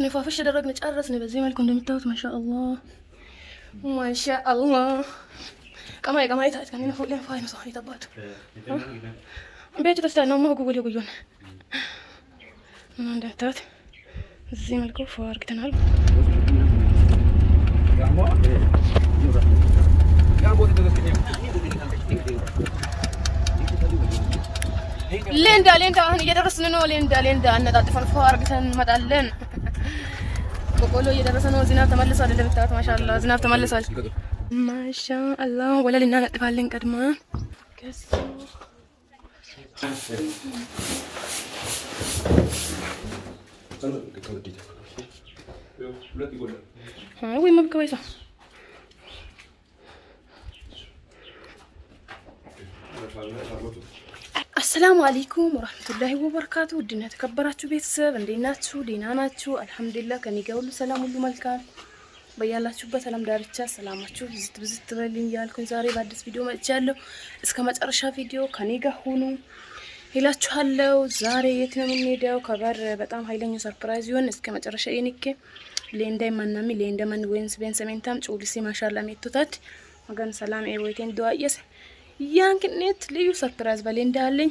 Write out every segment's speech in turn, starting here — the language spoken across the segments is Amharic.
ጨረስን፣ ፏፍሽ ተደረግን፣ ጨረስን። በዚህ መልኩ እንደምታዩት ማሻ አላህ ቀማይ ቀማይ ታች ከኔ ነው ለፋይ ነው ሰው ይተባት ቤት ተስታ ነው ማጉ ጉል ጉዮን እንደምታዩት እዚህ መልኩ ፏርግተናል። ሌንዳ ሌንዳ አሁን እየደረስን ነው። ሌንዳ ሌንዳ አነጣጥፈን ፏርግተን እንመጣለን። በቆሎ እየደረሰ ነው። ዝናብ ተመልሷል። እንደምታዩት ማሻአላ ዝናብ ተመልሷል። ማሻአላ ወለል እናነጥፋለን። ቀድማ ወይ መብቀበይሳ ሰላም አለይኩም ወራህመቱላሂ ወበረካቱ። ውድና የተከበራችሁ ቤተሰብ እንዴት ናችሁ? ደህና ናችሁ? አልሐምዱሊላህ ከኔ ጋር ሁሉ ሰላም፣ ሁሉ መልካም። በያላችሁበት ዓለም ዳርቻ ሰላማችሁ ብዝት ብዝት ትበልኝ እያልኩኝ ዛሬ በአዲስ ቪዲዮ መጥቻለሁ። እስከ መጨረሻ ቪዲዮ ከኔ ጋር ሁኑ ይላችኋለሁ። ዛሬ የት ነው የምንሄደው? ከበር በጣም ኃይለኛ ሰርፕራይዝ ይሆን። እስከ መጨረሻ የኔኬ ሌንዳይ ማናሚ ሌንደመን ወይንስ ቤንሰሜንታም ጩሊሲ ማሻላ ሜቶታት ወገን ሰላም ኤወይቴን ዱአየስ ያን ልዩ ሰርፕራይዝ በሌንዳ አለኝ።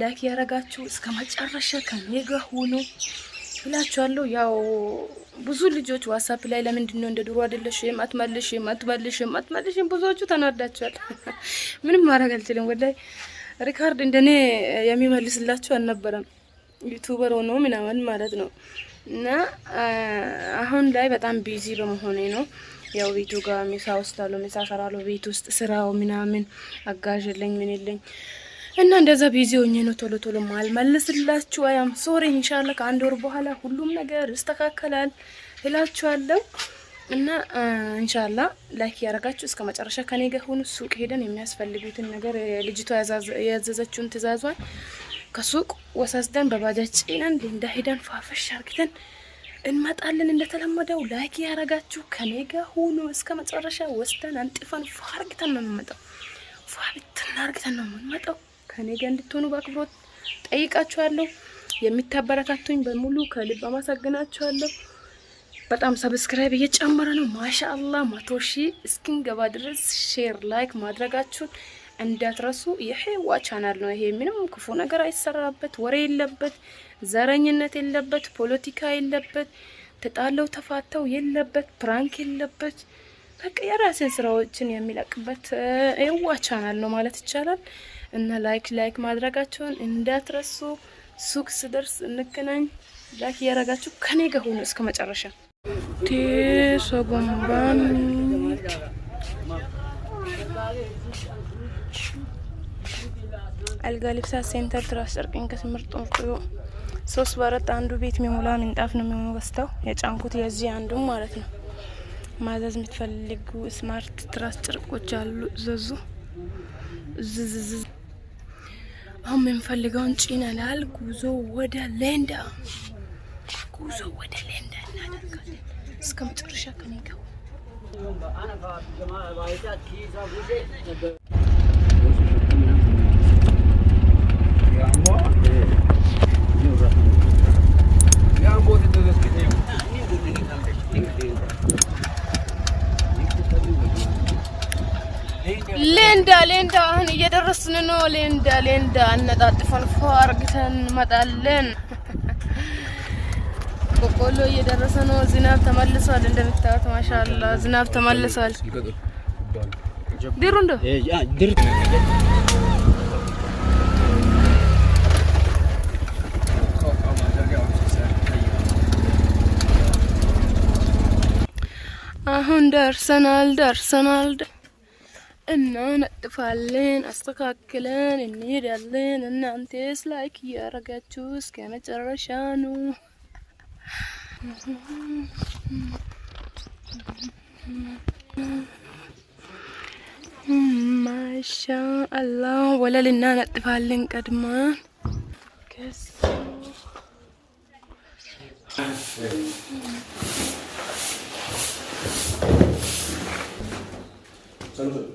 ላይክ ያደረጋችሁ እስከ መጨረሻ ከኔ ጋር ሁኑ እላችኋለሁ። ያው ብዙ ልጆች ዋትስአፕ ላይ ለምንድን ነው እንደ ድሮ አይደለሽም፣ አትመልሽም፣ አትመልሽም፣ አትመልሽም ብዙዎቹ ተናዳችኋል። ምንም ማድረግ አልችልም። ወላይ ሪካርድ እንደኔ የሚመልስላችሁ አልነበረም። ዩቱበር ሆኖ ምናምን ማለት ነው እና አሁን ላይ በጣም ቢዚ በመሆኔ ነው ያው ቤቱ ጋር ምሳ ውስጥ አለው ቤት ውስጥ ስራው ምናምን አጋዥ የለኝ ምን የለኝ እና እንደዛ ቢዚ ሆኜ ነው ቶሎ ቶሎ ማልመልስላችሁ። አያም ሶሪ ኢንሻአላ ከአንድ ወር በኋላ ሁሉም ነገር ይስተካከላል እላችኋለሁ። እና ኢንሻአላ ላይክ ያደረጋችሁ እስከ መጨረሻ ከኔ ጋር ሆኑ። ሱቅ ሄደን የሚያስፈልጉትን ነገር ልጅቷ ያዘዘችውን ትእዛዟን ከሱቅ ወሰስደን በባጃጅ ጭነን ሊንዳ ሄደን ፋፈሽ አርግተን እንመጣለን። እንደተለመደው ላይክ ያደረጋችሁ ከኔ ጋር ሆኑ እስከ መጨረሻ። ወስደን አንጥፈን ፋርግተን ነው የምንመጣው። ፋርግተን አርግተን ነው የምንመጣው። ከኔ ጋር እንድትሆኑ በአክብሮት ጠይቃችኋለሁ። የሚታበረታቱኝ በሙሉ ከልብ አመሰግናችኋለሁ። በጣም ሰብስክራይብ እየጨመረ ነው። ማሻአላህ መቶ ሺህ እስኪንገባ ድረስ ሼር፣ ላይክ ማድረጋችሁን እንዳትረሱ። የህዋ ቻናል ነው ይሄ። ምንም ክፉ ነገር አይሰራበት፣ ወሬ የለበት፣ ዘረኝነት የለበት፣ ፖለቲካ የለበት፣ ተጣለው ተፋተው የለበት፣ ፕራንክ የለበት በቃ የራሴን ስራዎችን የሚለቅበት የዋ ቻናል ነው ማለት ይቻላል። እና ላይክ ላይክ ማድረጋችሁን እንዳትረሱ። ሱቅ ስደርስ እንገናኝ። ላይክ እያደረጋችሁ ከኔ ጋር ሆኑ እስከ መጨረሻ ቴሶጎንባን አልጋ ልብሳ ሴንተር ትራስ ጨርቅኝ እንከስ ምርጥ ሶስት በአራት አንዱ ቤት የሚሞላ ምንጣፍ ነው የሚሆኑ ገዝተው የጫንኩት የዚህ አንዱም ማለት ነው ማዘዝ የምትፈልጉ ስማርት ትራስ ጨርቆች አሉ። እዘዙ። ዝዝዝ አሁን የምፈልገውን ጭነናል። ጉዞ ወደ ሌንዳ፣ ጉዞ ወደ ሌንዳ እናደርጋለን። እስከ መጨረሻ ከኔ ጋር ሌንዳ አሁን እየደረስን ነው። ሌንዳ ሌንዳ አነጣጥፈን ፎ አርግተን እንመጣለን። ቆቆሎ እየደረሰ ነው። ዝናብ ተመልሷል። እንደምታዩት ማሻአላ ዝናብ ተመልሷል። ድሩ እንደ አሁን ደርሰናል ደርሰናል። إننا الطفلين أصدقاء كلان إني رلين إن انت لايك يا رجاتوس كانت الرشانو ما شاء الله ولا لنا الطفلين قد ما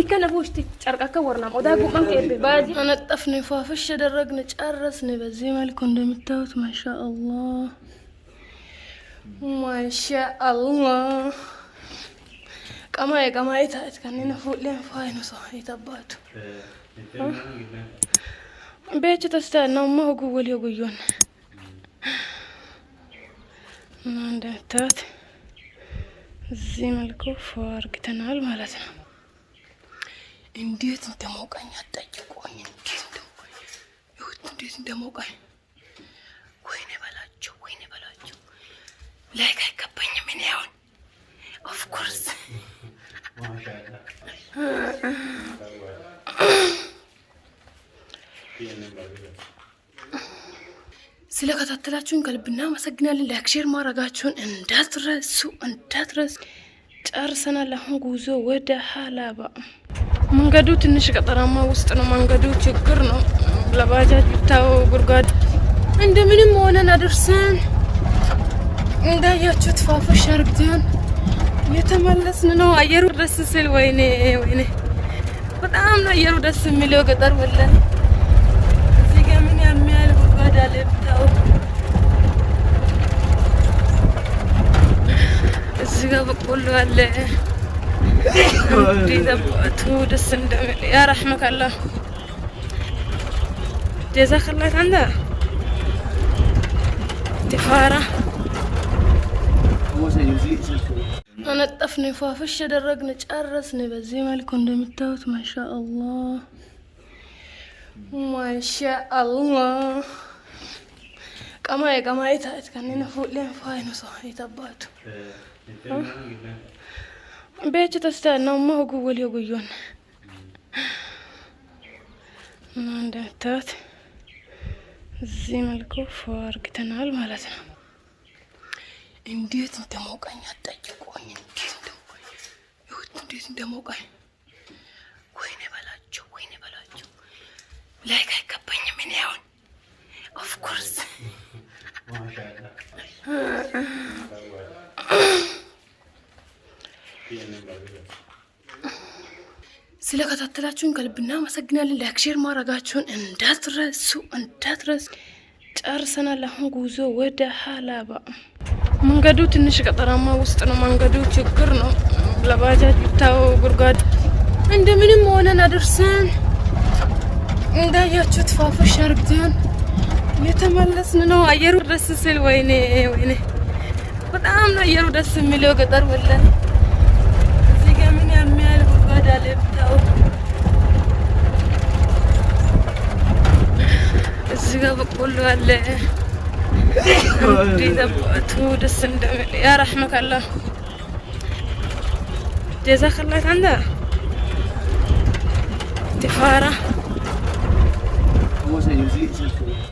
ይከነ ውሽቲ ጨርቃከ ወርናም ኦዳ ጉማን ከብ ባዚ አነጠፍን ፏፍሽ ያደረግን ጨረስን። በዚህ መልኩ እንደምታዩት ማሻአላህ ማሻአላህ ቀማይ ቀማይ ታይት ከነነ ፉልን ፋይኑ ሰሃይ ተባቱ ቤት ተስተና ማሁጉ ወል ይጉዮን እንደምታዩት እዚህ መልኩ ፏ አርግተናል ማለት ነው። እንዴት እንደሞቀኝ አጠይቆኝ፣ እንዴት እንደሞቀኝ ወይኔ በላቸው፣ ወይኔ በላቸው። ላይክ አይገባኝም እኔ አሁን ኦፍኮርስ ስለከታተላችሁን ከልብ እናመሰግናለን። ላይክ ሼር ማድረጋችሁን እንዳትረሱ እንዳትረሱ። ጨርሰናል። አሁን ጉዞ ወደ ሀላባ መንገዱ ትንሽ ገጠራማ ውስጥ ነው። መንገዱ ችግር ነው። ለባጃጅ ብታው እንደ እንደምንም ሆነን አደርሰን እንዳያችሁት ፋፈሽ አርግተን የተመለስን ነው። አየሩ ደስ ሲል ወይኔ ወይኔ በጣም ነው አየሩ ደስ የሚለው ገጠር ወለን እዚህ ጋር ምን አለ ብታው እዚህ በቆሎ አለ ዘባቱ ደስ እንደሚል ያ ረሕመከላ ጀዛከላት አንተ ቲፋራ አነጠፍን፣ ፏፍሽ ያደረግን፣ ጨረስን። በዚህ መልኩ እንደምታዩት ማሻአላህ ማሻአላህ ቀማዬ ቀማዬ ታየት ከኔ ነፉሌን ፋይኑ ሰ ይተባቱ Bece tăstea, n-au mă hogu wali hogu እዚህ መልኩ ፎ አርግተናል ማለት ነው። እንዴት እንደሞቀኝ አጠይቆኝ፣ እንዴት እንደሞቀኝ ስለከታተላችሁን ከልብ እናመሰግናለን። ላይክ ሼር ማድረጋችሁን እንዳትረሱ እንዳትረሱ። ጨርሰናል። አሁን ጉዞ ወደ ሀላባ። መንገዱ ትንሽ ገጠራማ ውስጥ ነው። መንገዱ ችግር ነው። ለባጃጅ ብታው ጉርጓድ እንደምንም ሆነን አደርሰን እንዳያችሁት ፋፈሽ አርግተን የተመለስን ነው። አየሩ ደስ ስል ወይኔ ወይኔ፣ በጣም ነው አየሩ ደስ የሚለው ገጠር ወለን المدى እዚህ ጋር በቆሎ አለ። ሩዲ ዘቦቱ ደስ እንደሚል ያ ረሕመከ አላ ጀዛክ ላ ታንዳ ቲፋራ